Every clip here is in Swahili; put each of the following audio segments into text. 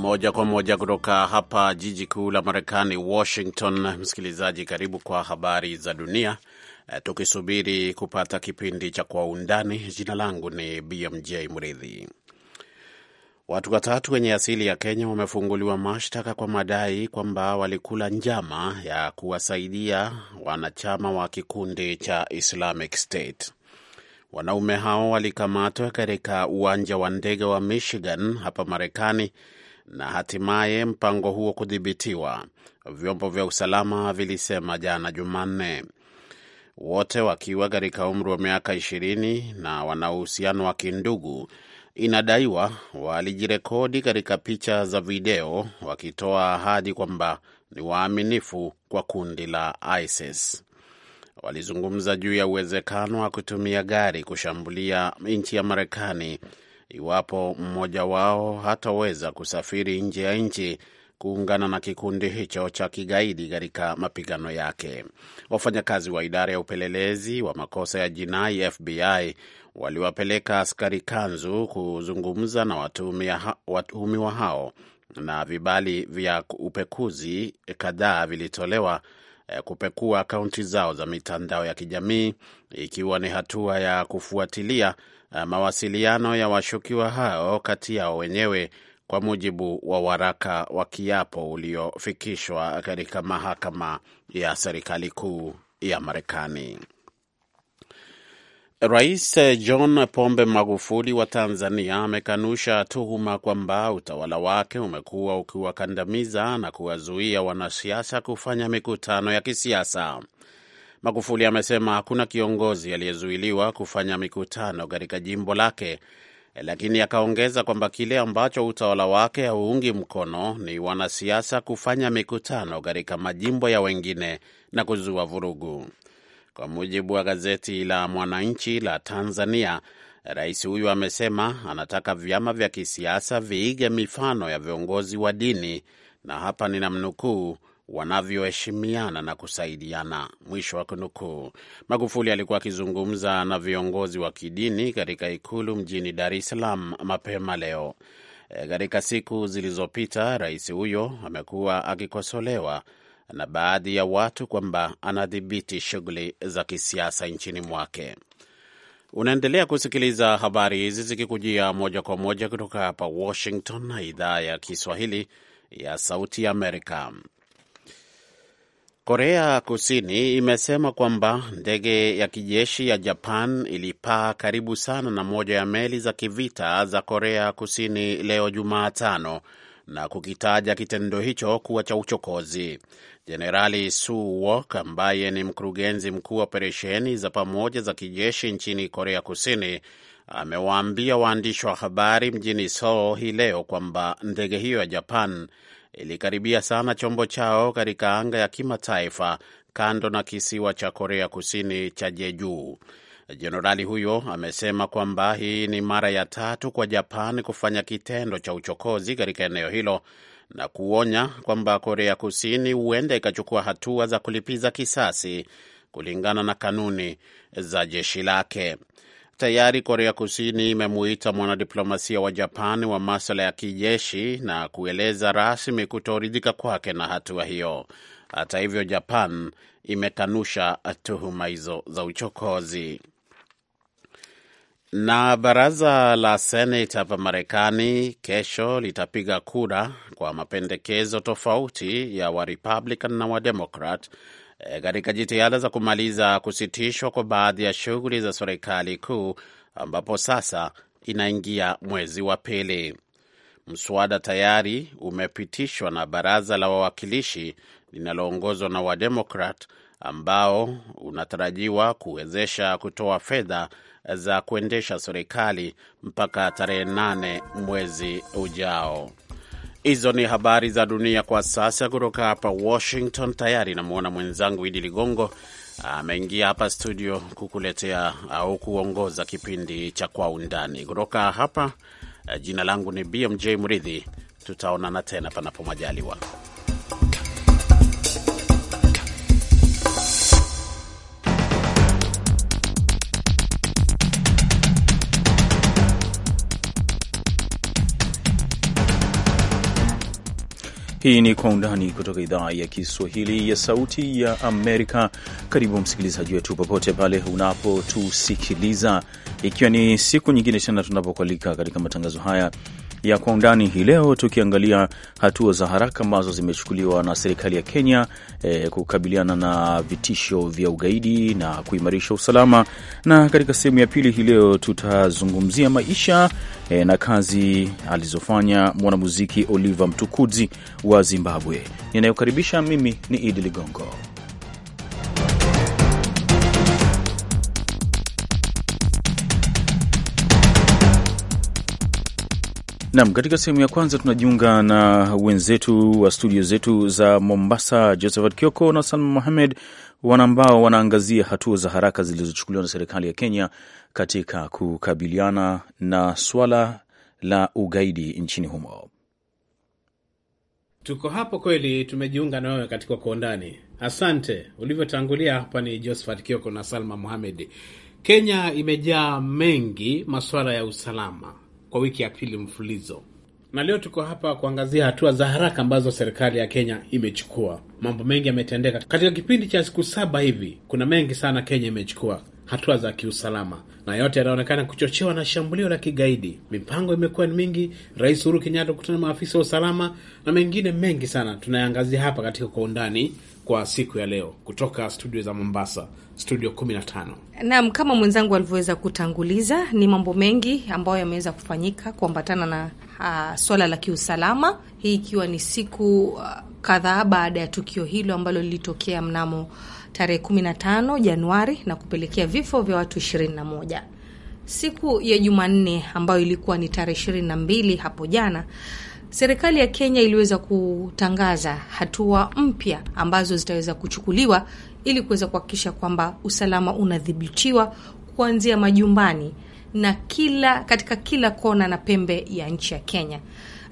Moja kwa moja kutoka hapa jiji kuu la Marekani, Washington. Msikilizaji, karibu kwa habari za dunia, eh, tukisubiri kupata kipindi cha Kwa Undani. Jina langu ni BMJ Mridhi. Watu watatu wenye asili ya Kenya wamefunguliwa mashtaka kwa madai kwamba walikula njama ya kuwasaidia wanachama wa kikundi cha Islamic State. Wanaume hao walikamatwa katika uwanja wa ndege wa Michigan hapa Marekani na hatimaye mpango huo kudhibitiwa, vyombo vya usalama vilisema jana Jumanne. Wote wakiwa katika umri wa miaka ishirini na wana uhusiano wa kindugu, inadaiwa walijirekodi katika picha za video wakitoa ahadi kwamba ni waaminifu kwa kundi la ISIS. Walizungumza juu ya uwezekano wa kutumia gari kushambulia nchi ya Marekani iwapo mmoja wao hataweza kusafiri nje ya nchi kuungana na kikundi hicho cha kigaidi katika mapigano yake. Wafanyakazi wa idara ya upelelezi wa makosa ya jinai FBI waliwapeleka askari kanzu kuzungumza na watuhumiwa hao, na vibali vya upekuzi kadhaa vilitolewa eh, kupekua akaunti zao za mitandao ya kijamii, ikiwa ni hatua ya kufuatilia Ah, mawasiliano ya washukiwa hao kati yao wenyewe, kwa mujibu wa waraka wa kiapo uliofikishwa katika mahakama ya serikali kuu ya Marekani. Rais eh, John Pombe Magufuli wa Tanzania amekanusha tuhuma kwamba utawala wake umekuwa ukiwakandamiza na kuwazuia wanasiasa kufanya mikutano ya kisiasa. Magufuli amesema hakuna kiongozi aliyezuiliwa kufanya mikutano katika jimbo lake, lakini akaongeza kwamba kile ambacho utawala wake hauungi mkono ni wanasiasa kufanya mikutano katika majimbo ya wengine na kuzua vurugu. Kwa mujibu wa gazeti la Mwananchi la Tanzania, rais huyu amesema anataka vyama vya kisiasa viige mifano ya viongozi wa dini, na hapa ninamnukuu wanavyoheshimiana na kusaidiana, mwisho wa kunukuu. Magufuli alikuwa akizungumza na viongozi wa kidini katika ikulu mjini Dar es Salaam mapema leo. E, katika siku zilizopita, rais huyo amekuwa akikosolewa na baadhi ya watu kwamba anadhibiti shughuli za kisiasa nchini mwake. Unaendelea kusikiliza habari hizi zikikujia moja kwa moja kutoka hapa Washington na idhaa ya Kiswahili ya Sauti ya Amerika. Korea Kusini imesema kwamba ndege ya kijeshi ya Japan ilipaa karibu sana na moja ya meli za kivita za Korea Kusini leo Jumatano na kukitaja kitendo hicho kuwa cha uchokozi. Jenerali Su Wok ambaye ni mkurugenzi mkuu wa operesheni za pamoja za kijeshi nchini Korea Kusini amewaambia waandishi wa habari mjini Seoul hii leo kwamba ndege hiyo ya Japan ilikaribia sana chombo chao katika anga ya kimataifa kando na kisiwa cha Korea Kusini cha Jeju. Jenerali huyo amesema kwamba hii ni mara ya tatu kwa Japan kufanya kitendo cha uchokozi katika eneo hilo na kuonya kwamba Korea Kusini huenda ikachukua hatua za kulipiza kisasi kulingana na kanuni za jeshi lake. Tayari Korea Kusini imemuita mwanadiplomasia wa Japan wa maswala ya kijeshi na kueleza rasmi kutoridhika kwake na hatua hiyo. Hata hivyo, Japan imekanusha tuhuma hizo za uchokozi. Na baraza la Senate hapa Marekani kesho litapiga kura kwa mapendekezo tofauti ya Warepublican na Wademokrat Eh, katika e, jitihada za kumaliza kusitishwa kwa baadhi ya shughuli za serikali kuu ambapo sasa inaingia mwezi wa pili. Mswada tayari umepitishwa na baraza la wawakilishi linaloongozwa na Wademokrat ambao unatarajiwa kuwezesha kutoa fedha za kuendesha serikali mpaka tarehe nane mwezi ujao. Hizo ni habari za dunia kwa sasa kutoka hapa Washington. Tayari namwona mwenzangu Idi Ligongo ameingia hapa studio kukuletea au kuongoza kipindi cha Kwa Undani kutoka hapa. Eh, jina langu ni BMJ Mridhi. Tutaonana tena panapo majaliwa. Hii ni Kwa Undani kutoka idhaa ya Kiswahili ya Sauti ya Amerika. Karibu msikilizaji wetu popote pale unapotusikiliza, ikiwa ni siku nyingine tena tunapokualika katika matangazo haya ya Kwa Undani hii leo tukiangalia hatua za haraka ambazo zimechukuliwa na serikali ya Kenya e, kukabiliana na vitisho vya ugaidi na kuimarisha usalama, na katika sehemu ya pili hii leo tutazungumzia maisha e, na kazi alizofanya mwanamuziki Oliver Mtukudzi wa Zimbabwe. Ninayokaribisha mimi ni Idi Ligongo. Nam, katika sehemu ya kwanza tunajiunga na wenzetu wa studio zetu za Mombasa, Josephat Kioko na Salma Mohamed wanaambao wanaangazia hatua za haraka zilizochukuliwa na serikali ya Kenya katika kukabiliana na swala la ugaidi nchini humo. Tuko hapo kweli, tumejiunga na wewe katika kwa undani. Asante. Ulivyotangulia hapa ni Josephat Kioko na Salma Mohamed. Kenya imejaa mengi masuala ya usalama kwa wiki ya pili mfululizo. Na leo tuko hapa kuangazia hatua za haraka ambazo serikali ya Kenya imechukua. Mambo mengi yametendeka katika kipindi cha siku saba hivi, kuna mengi sana Kenya imechukua hatua za kiusalama na yote yanaonekana kuchochewa na shambulio la kigaidi. Mipango imekuwa ni mingi, Rais Uhuru Kenyatta kukutana na maafisa wa usalama na mengine mengi sana, tunayangazia hapa katika kwa undani kwa siku ya leo, kutoka studio za Mombasa, studio 15. Naam, kama mwenzangu alivyoweza kutanguliza, ni mambo mengi ambayo yameweza kufanyika kuambatana na uh, swala la kiusalama, hii ikiwa ni siku uh, kadhaa baada ya tukio hilo ambalo lilitokea mnamo tarehe 15 Januari na kupelekea vifo vya watu 21. Siku ya Jumanne ambayo ilikuwa ni tarehe 22 hapo jana, serikali ya Kenya iliweza kutangaza hatua mpya ambazo zitaweza kuchukuliwa ili kuweza kuhakikisha kwamba usalama unadhibitiwa kuanzia majumbani na kila katika kila kona na pembe ya nchi ya Kenya.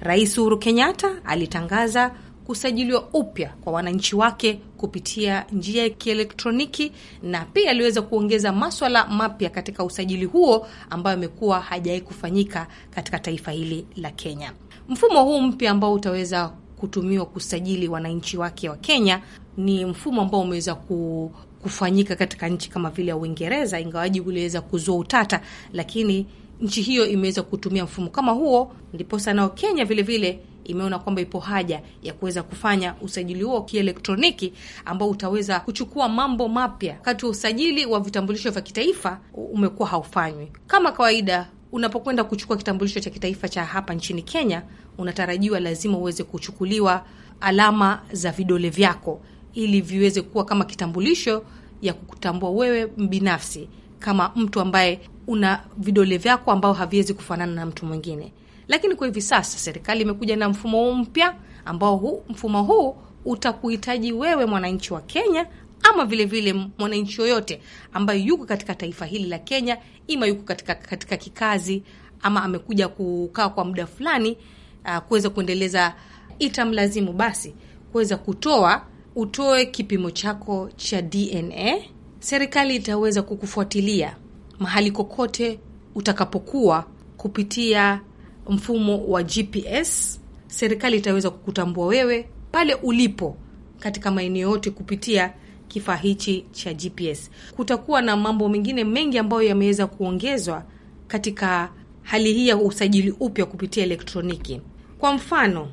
Rais Uhuru Kenyatta alitangaza kusajiliwa upya kwa wananchi wake kupitia njia ya kielektroniki, na pia aliweza kuongeza maswala mapya katika usajili huo ambayo amekuwa hajawahi kufanyika katika taifa hili la Kenya. Mfumo huu mpya ambao utaweza kutumiwa kusajili wananchi wake wa Kenya ni mfumo ambao umeweza ku kufanyika katika nchi kama vile Uingereza, ingawaji uliweza kuzua utata, lakini nchi hiyo imeweza kutumia mfumo kama huo, ndiposa nao Kenya vilevile imeona kwamba ipo haja ya kuweza kufanya usajili huo kielektroniki ambao utaweza kuchukua mambo mapya. Wakati wa usajili wa vitambulisho vya kitaifa umekuwa haufanywi kama kawaida. Unapokwenda kuchukua kitambulisho cha kitaifa cha hapa nchini Kenya, unatarajiwa lazima uweze kuchukuliwa alama za vidole vyako ili viweze kuwa kama kitambulisho ya kukutambua wewe binafsi kama mtu ambaye una vidole vyako ambao haviwezi kufanana na mtu mwingine. Lakini kwa hivi sasa serikali imekuja na mfumo huu mpya, ambao hu, mfumo huu utakuhitaji wewe mwananchi wa Kenya ama vilevile mwananchi yoyote ambaye yuko katika taifa hili la Kenya, ima yuko katika, katika kikazi ama amekuja kukaa kwa muda fulani uh, kuweza kuendeleza, itamlazimu basi kuweza kutoa utoe kipimo chako cha DNA. Serikali itaweza kukufuatilia mahali kokote utakapokuwa kupitia mfumo wa GPS, serikali itaweza kukutambua wewe pale ulipo katika maeneo yote kupitia kifaa hichi cha GPS. Kutakuwa na mambo mengine mengi ambayo yameweza kuongezwa katika hali hii ya usajili upya kupitia elektroniki. Kwa mfano,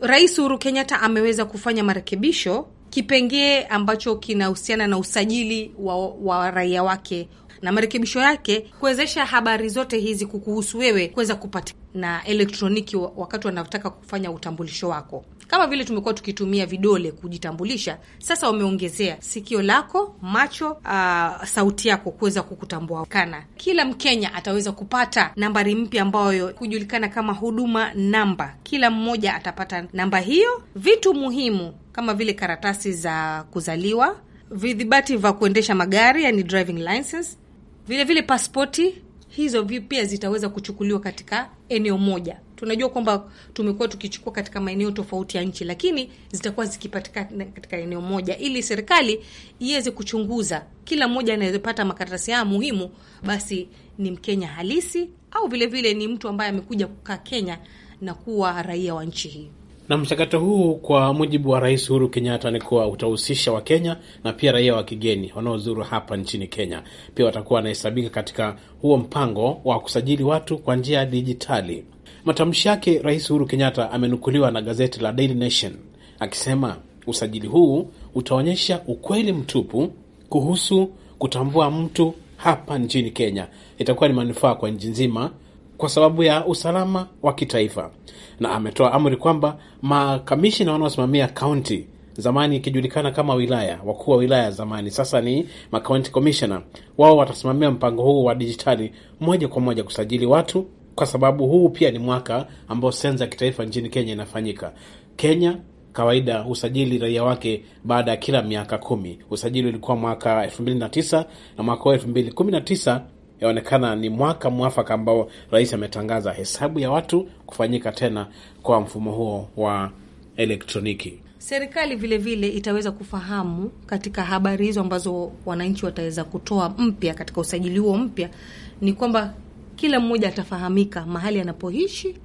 Rais Uhuru Kenyatta ameweza kufanya marekebisho kipengee ambacho kinahusiana na usajili wa, wa raia wake na marekebisho yake kuwezesha habari zote hizi kukuhusu wewe kuweza kupata na elektroniki wakati wanataka kufanya utambulisho wako. Kama vile tumekuwa tukitumia vidole kujitambulisha, sasa wameongezea sikio lako, macho, uh, sauti yako kuweza kukutambua kana. Kila Mkenya ataweza kupata nambari mpya ambayo kujulikana kama huduma namba. Kila mmoja atapata namba hiyo. Vitu muhimu kama vile karatasi za kuzaliwa, vidhibati vya kuendesha magari, yani driving license Vilevile paspoti hizo pia zitaweza kuchukuliwa katika eneo moja. Tunajua kwamba tumekuwa tukichukua katika maeneo tofauti ya nchi, lakini zitakuwa zikipatikana katika eneo moja, ili serikali iweze kuchunguza kila mmoja anayepata makaratasi haya muhimu, basi ni Mkenya halisi au vilevile vile ni mtu ambaye amekuja kukaa Kenya na kuwa raia wa nchi hii. Na mchakato huu kwa mujibu wa Rais Uhuru Kenyatta ni kuwa utahusisha Wakenya na pia raia wa kigeni wanaozuru hapa nchini Kenya, pia watakuwa wanahesabika katika huo mpango wa kusajili watu kwa njia ya dijitali. Matamshi yake Rais Uhuru Kenyatta amenukuliwa na gazeti la Daily Nation akisema usajili huu utaonyesha ukweli mtupu kuhusu kutambua mtu hapa nchini Kenya, itakuwa ni manufaa kwa nchi nzima kwa sababu ya usalama wa kitaifa, na ametoa amri kwamba makamishina wanaosimamia kaunti zamani ikijulikana kama wilaya, wakuu wa wilaya zamani, sasa ni makaunti commissioner, wao watasimamia mpango huu wa dijitali moja kwa moja kusajili watu, kwa sababu huu pia ni mwaka ambao sensa ya kitaifa nchini Kenya inafanyika. Kenya kawaida husajili raia wake baada ya kila miaka kumi. Usajili ulikuwa mwaka 29 na mwaka yaonekana ni mwaka mwafaka ambao rais ametangaza hesabu ya watu kufanyika tena kwa mfumo huo wa elektroniki. Serikali vilevile vile itaweza kufahamu katika habari hizo ambazo wananchi wataweza kutoa mpya katika usajili huo mpya, ni kwamba kila mmoja atafahamika mahali anapoishi,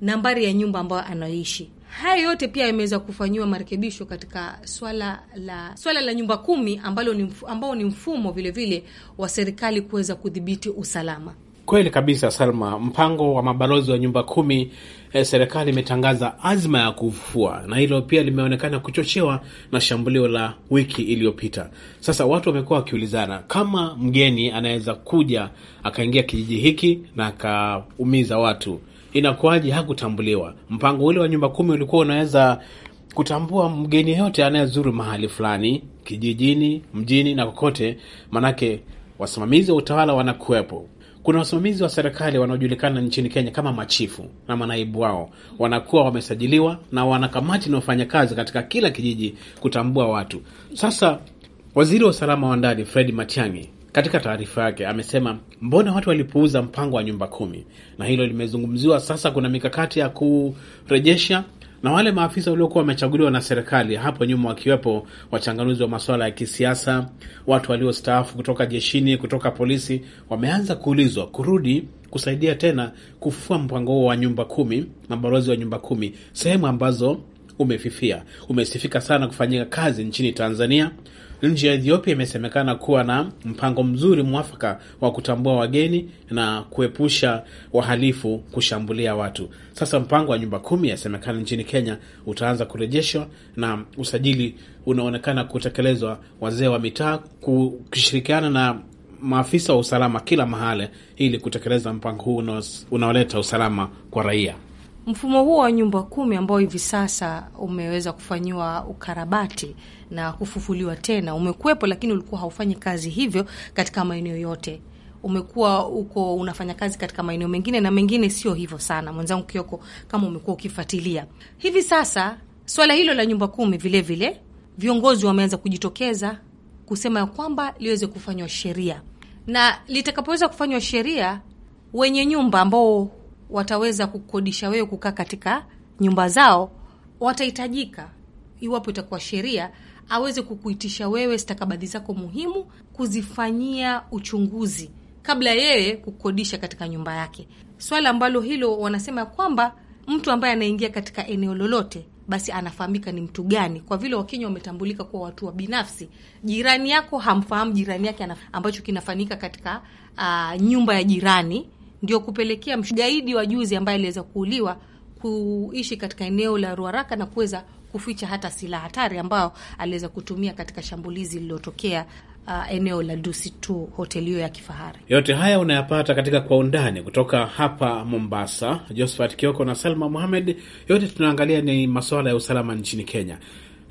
nambari ya nyumba ambayo anaishi Haya yote pia yameweza kufanyiwa marekebisho katika swala la swala la nyumba kumi ambalo ni, ambao ni mfumo vilevile wa serikali kuweza kudhibiti usalama. Kweli kabisa, Salma. Mpango wa mabalozi wa nyumba kumi eh, serikali imetangaza azma ya kufua na hilo pia limeonekana kuchochewa na shambulio la wiki iliyopita. Sasa watu wamekuwa wakiulizana kama mgeni anaweza kuja akaingia kijiji hiki na akaumiza watu inakuwaje hakutambuliwa? Mpango ule wa nyumba kumi ulikuwa unaweza kutambua mgeni yote anayezuru mahali fulani, kijijini, mjini na kokote, manake wasimamizi wa utawala wanakuwepo. Kuna wasimamizi wa serikali wanaojulikana nchini Kenya kama machifu na manaibu wao, wanakuwa wamesajiliwa na wanakamati inayofanya kazi katika kila kijiji kutambua watu. Sasa waziri wa usalama wa ndani Fred Matiang'i katika taarifa yake amesema mbona watu walipuuza mpango wa nyumba kumi, na hilo limezungumziwa sasa. Kuna mikakati ya kurejesha, na wale maafisa waliokuwa wamechaguliwa na serikali hapo nyuma, wakiwepo wachanganuzi wa masuala ya kisiasa, watu waliostaafu kutoka jeshini, kutoka polisi, wameanza kuulizwa kurudi kusaidia tena kufufua mpango huo wa nyumba kumi, mabalozi wa nyumba kumi, sehemu ambazo umefifia, umesifika sana kufanyika kazi nchini Tanzania Nchi ya Ethiopia imesemekana kuwa na mpango mzuri mwafaka wa kutambua wageni na kuepusha wahalifu kushambulia watu. Sasa mpango wa nyumba kumi yasemekana nchini Kenya utaanza kurejeshwa na usajili unaonekana kutekelezwa, wazee wa mitaa kushirikiana na maafisa wa usalama kila mahali ili kutekeleza mpango huu unaoleta usalama kwa raia. Mfumo huo wa nyumba kumi ambao hivi sasa umeweza kufanyiwa ukarabati na kufufuliwa tena umekuwepo, lakini ulikuwa haufanyi kazi hivyo katika maeneo yote umekuwa uko unafanya kazi katika maeneo mengine na mengine sio hivyo sana. Mwenzangu Kioko, kama umekuwa ukifuatilia hivi sasa swala hilo la nyumba kumi, vilevile vile, viongozi wameanza kujitokeza kusema ya kwamba liweze kufanywa sheria, na litakapoweza kufanywa sheria, wenye nyumba ambao wataweza kukodisha wewe kukaa katika nyumba zao, watahitajika iwapo itakuwa sheria aweze kukuitisha wewe stakabadhi zako muhimu, kuzifanyia uchunguzi kabla yeye kukodisha katika nyumba yake, swala ambalo hilo wanasema kwamba mtu ambaye anaingia katika eneo lolote basi anafahamika ni mtu gani, kwa vile Wakenya wametambulika kuwa watu wa binafsi. Jirani yako hamfahamu jirani yake, ambacho kinafanyika katika uh, nyumba ya jirani ndio kupelekea mgaidi wa juzi ambaye aliweza kuuliwa kuishi katika eneo la Ruaraka na kuweza kuficha hata silaha hatari ambayo aliweza kutumia katika shambulizi lililotokea uh, eneo la Dusi tu hoteli hiyo ya kifahari. Yote haya unayapata katika kwa undani kutoka hapa Mombasa. Josephat Kioko na Salma Mohamed, yote tunaangalia ni masuala ya usalama nchini Kenya.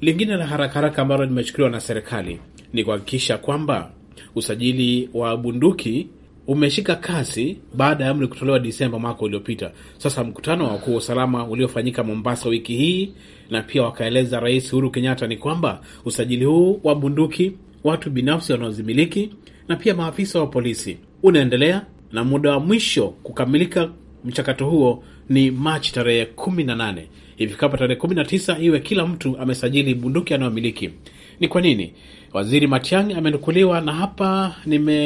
Lingine la harakaharaka ambalo limechukuliwa na serikali ni kuhakikisha kwamba usajili wa bunduki umeshika kasi baada ya amri kutolewa Disemba mwaka uliopita. Sasa mkutano wa wakuu wa usalama uliofanyika Mombasa wiki hii, na pia wakaeleza Rais Uhuru Kenyatta ni kwamba usajili huu wa bunduki, watu binafsi wanaozimiliki na pia maafisa wa polisi unaendelea, na muda wa mwisho kukamilika mchakato huo ni Machi tarehe 18. Ifikapo tarehe 19 iwe kila mtu amesajili bunduki anayomiliki. Ni kwa nini? Waziri Matiang'i amenukuliwa na hapa nime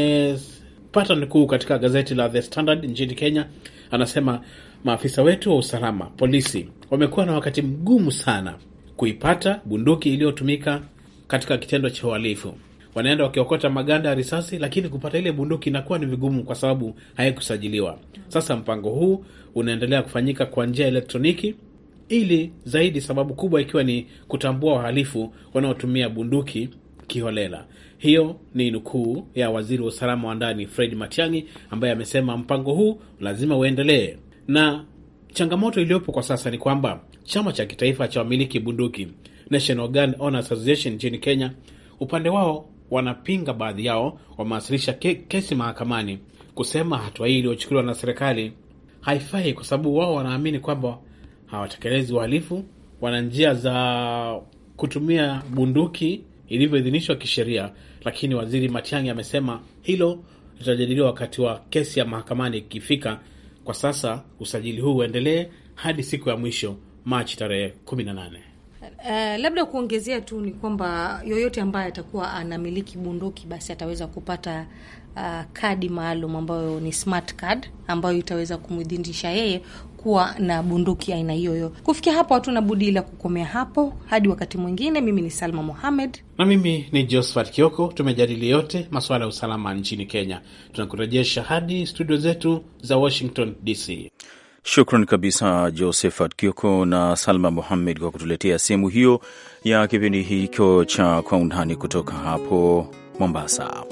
pattern kuu katika gazeti la The Standard nchini Kenya, anasema maafisa wetu wa usalama, polisi, wamekuwa na wakati mgumu sana kuipata bunduki iliyotumika katika kitendo cha uhalifu. Wanaenda wakiokota maganda ya risasi, lakini kupata ile bunduki inakuwa ni vigumu kwa sababu haikusajiliwa. Sasa mpango huu unaendelea kufanyika kwa njia elektroniki ili zaidi, sababu kubwa ikiwa ni kutambua wahalifu wanaotumia bunduki kiholela. Hiyo ni nukuu ya waziri wa usalama wa ndani Fred Matiang'i ambaye amesema mpango huu lazima uendelee. Na changamoto iliyopo kwa sasa ni kwamba chama cha kitaifa cha wamiliki bunduki National Gun Association nchini Kenya, upande wao wanapinga, baadhi yao wamewasilisha ke kesi mahakamani kusema hatua hii iliyochukuliwa na serikali haifai, kwa sababu wao wanaamini kwamba hawatekelezi uhalifu, wana njia za kutumia bunduki ilivyoidhinishwa kisheria, lakini waziri Matiang'i amesema hilo litajadiliwa wakati wa kesi ya mahakamani ikifika. Kwa sasa usajili huu uendelee hadi siku ya mwisho Machi tarehe 18. Uh, eh, labda kuongezea tu ni kwamba yoyote ambaye atakuwa anamiliki bunduki basi ataweza kupata uh, kadi maalum ambayo ni smart card ambayo itaweza kumwidhinisha yeye kuwa na bunduki aina hiyo hiyo. Kufikia hapo, hatuna budi ila kukomea hapo hadi wakati mwingine. Mimi ni Salma Mohamed na mimi ni Josephat Kioko. Tumejadili yote masuala ya usalama nchini Kenya. Tunakurejesha hadi studio zetu za Washington DC. Shukran kabisa Josephat Kioko na Salma Mohamed kwa kutuletea sehemu hiyo ya kipindi hicho cha Kwa Undani kutoka hapo Mombasa.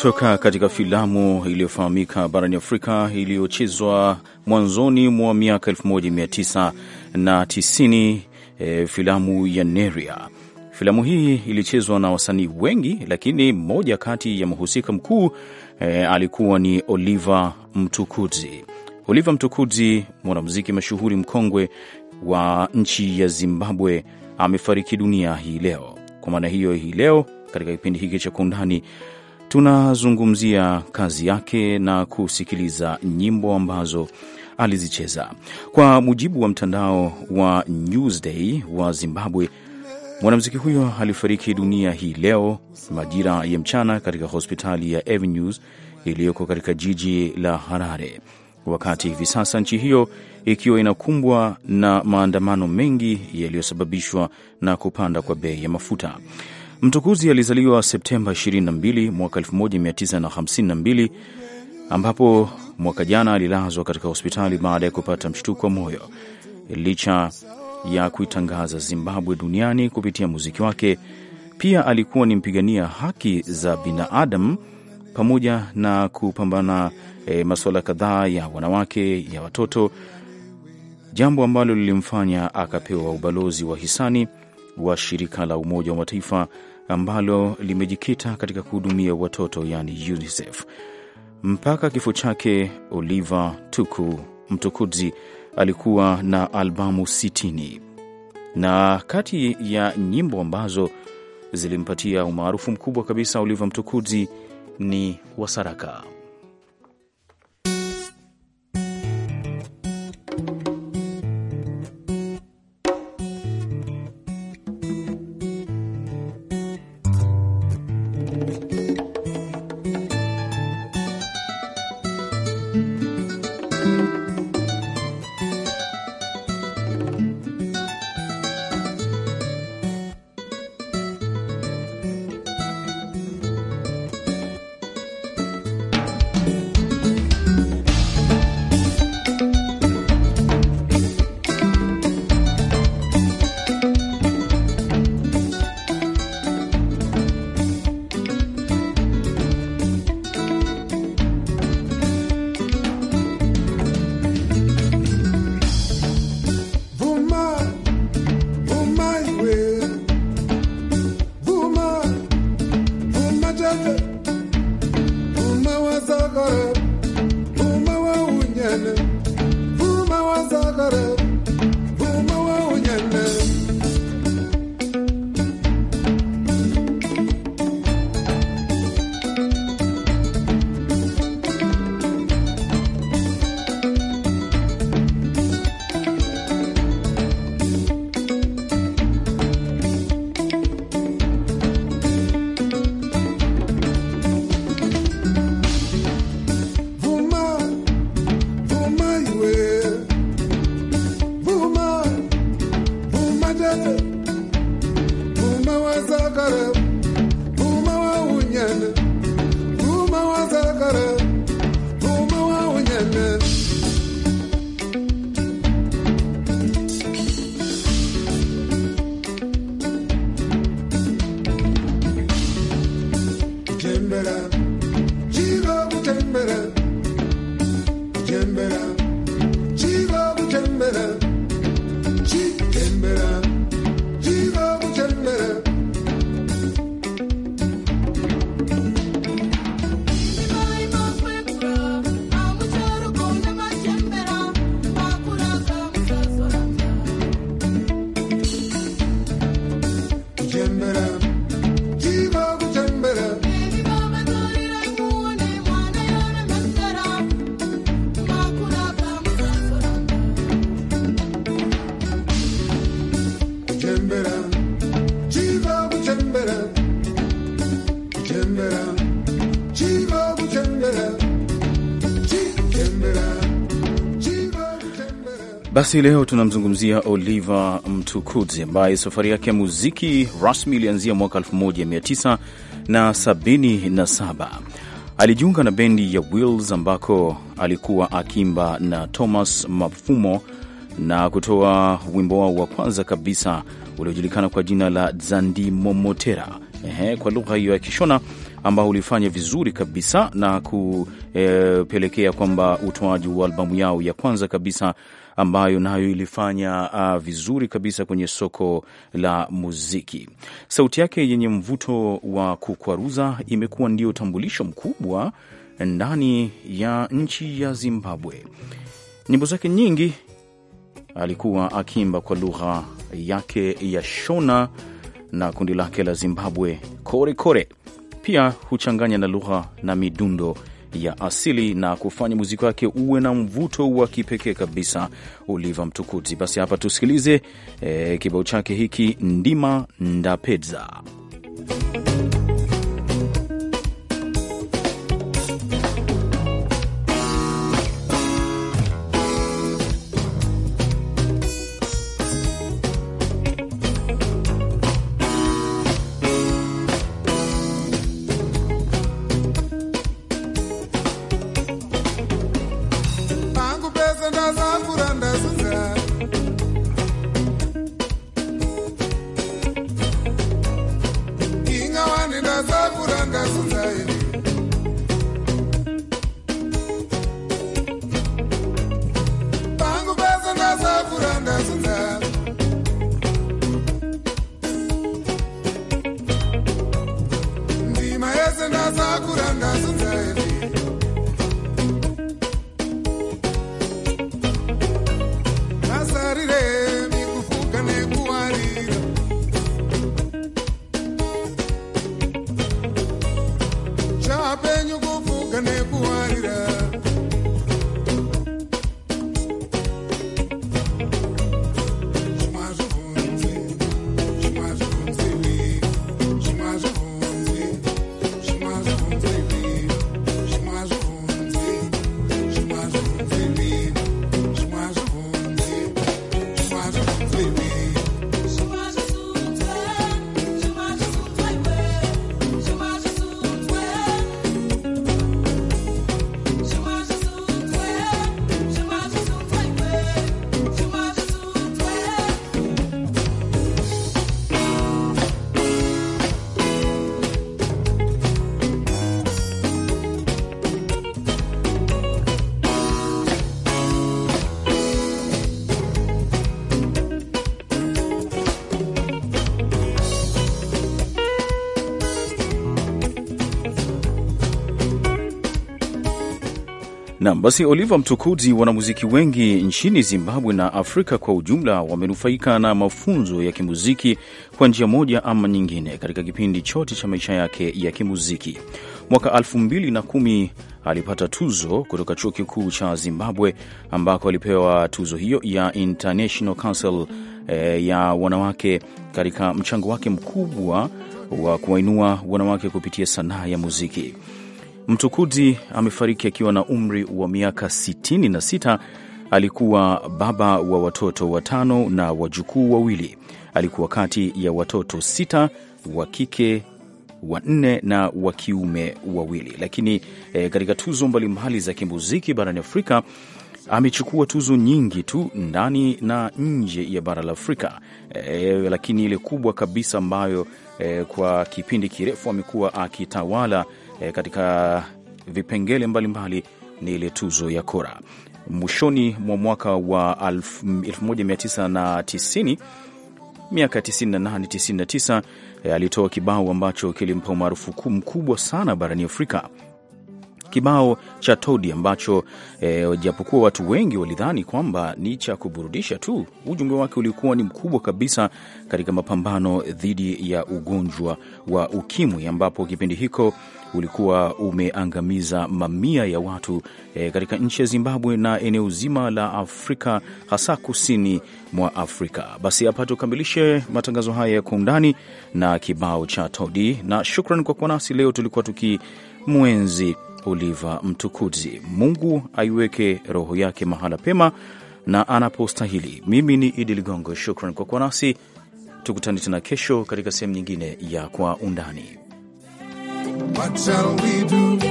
kutoka katika filamu iliyofahamika barani Afrika iliyochezwa mwanzoni mwa miaka 1990 e, filamu ya Neria. Filamu hii ilichezwa na wasanii wengi, lakini mmoja kati ya mhusika mkuu e, alikuwa ni Oliver Mtukudzi. Oliver Mtukudzi, mwanamuziki mashuhuri mkongwe wa nchi ya Zimbabwe, amefariki dunia hii leo. Kwa maana hiyo, hii leo katika kipindi hiki cha Kwa Undani tunazungumzia kazi yake na kusikiliza nyimbo ambazo alizicheza. Kwa mujibu wa mtandao wa Newsday wa Zimbabwe, mwanamuziki huyo alifariki dunia hii leo majira ya mchana katika hospitali ya Avenues iliyoko katika jiji la Harare, wakati hivi sasa nchi hiyo ikiwa inakumbwa na maandamano mengi yaliyosababishwa na kupanda kwa bei ya mafuta. Mtukuzi alizaliwa Septemba 22 mwaka 1952 ambapo mwaka jana alilazwa katika hospitali baada ya kupata mshtuko wa moyo. Licha ya kuitangaza Zimbabwe duniani kupitia muziki wake, pia alikuwa ni mpigania haki za binadamu pamoja na kupambana e, masuala kadhaa ya wanawake, ya watoto, jambo ambalo lilimfanya akapewa ubalozi wa hisani wa shirika la Umoja wa Mataifa ambalo limejikita katika kuhudumia watoto yani UNICEF. Mpaka kifo chake, Oliver Tuku Mtukudzi alikuwa na albamu 60 na kati ya nyimbo ambazo zilimpatia umaarufu mkubwa kabisa Oliver Mtukudzi ni Wasaraka. Thank you. Basi leo tunamzungumzia Oliver Mtukudzi ambaye safari yake ya muziki rasmi ilianzia mwaka 1977. Alijiunga na bendi ya Wills ambako alikuwa akimba na Thomas Mafumo na kutoa wimbo wao wa kwanza kabisa uliojulikana kwa jina la Zandi Momotera, ehe, kwa lugha hiyo ya Kishona ambao ulifanya vizuri kabisa na kupelekea kwamba utoaji wa albamu yao ya kwanza kabisa ambayo nayo ilifanya uh, vizuri kabisa kwenye soko la muziki. Sauti yake yenye mvuto wa kukwaruza imekuwa ndio utambulisho mkubwa ndani ya nchi ya Zimbabwe. Nyimbo zake nyingi alikuwa akiimba kwa lugha yake ya Shona na kundi lake la Zimbabwe Korekore kore. Pia huchanganya na lugha na midundo ya asili na kufanya muziki wake uwe na mvuto wa kipekee kabisa, uliva Mtukuti, Basi hapa tusikilize e, kibao chake hiki, Ndima Ndapedza. penyu Nam basi, Oliver Mtukudzi. Wanamuziki wengi nchini Zimbabwe na Afrika kwa ujumla wamenufaika na mafunzo ya kimuziki kwa njia moja ama nyingine katika kipindi chote cha maisha yake ya kimuziki. Mwaka 21 alipata tuzo kutoka chuo kikuu cha Zimbabwe ambako alipewa tuzo hiyo ya International Council eh, ya wanawake katika mchango wake mkubwa wa kuwainua wanawake kupitia sanaa ya muziki. Mtukudzi amefariki akiwa na umri wa miaka 66. Alikuwa baba wa watoto watano na wajukuu wawili. Alikuwa kati ya watoto sita wa kike wanne na wa kiume wawili. Lakini e, katika tuzo mbalimbali za kimuziki barani Afrika amechukua tuzo nyingi tu ndani na nje ya bara la Afrika e, lakini ile kubwa kabisa ambayo e, kwa kipindi kirefu amekuwa akitawala e, katika vipengele mbalimbali ni ile tuzo ya Kora. Mwishoni mwa mwaka wa 1990 miaka 98 99, e, alitoa kibao ambacho kilimpa umaarufu mkubwa sana barani Afrika, kibao cha Todi ambacho e, japokuwa watu wengi walidhani kwamba ni cha kuburudisha tu, ujumbe wake ulikuwa ni mkubwa kabisa katika mapambano dhidi ya ugonjwa wa ukimwi, ambapo kipindi hicho ulikuwa umeangamiza mamia ya watu e, katika nchi ya Zimbabwe na eneo zima la Afrika hasa kusini mwa Afrika. Basi hapa tukamilishe matangazo haya ya kwa undani na kibao cha Todi, na shukran kwa kuwa nasi leo. Tulikuwa tukimwenzi Oliva Mtukudzi. Mungu aiweke roho yake mahala pema na anapostahili. Mimi ni Idi Ligongo, shukran kwa kuwa nasi. Tukutane tena kesho katika sehemu nyingine ya kwa undani. What shall we do?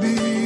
be.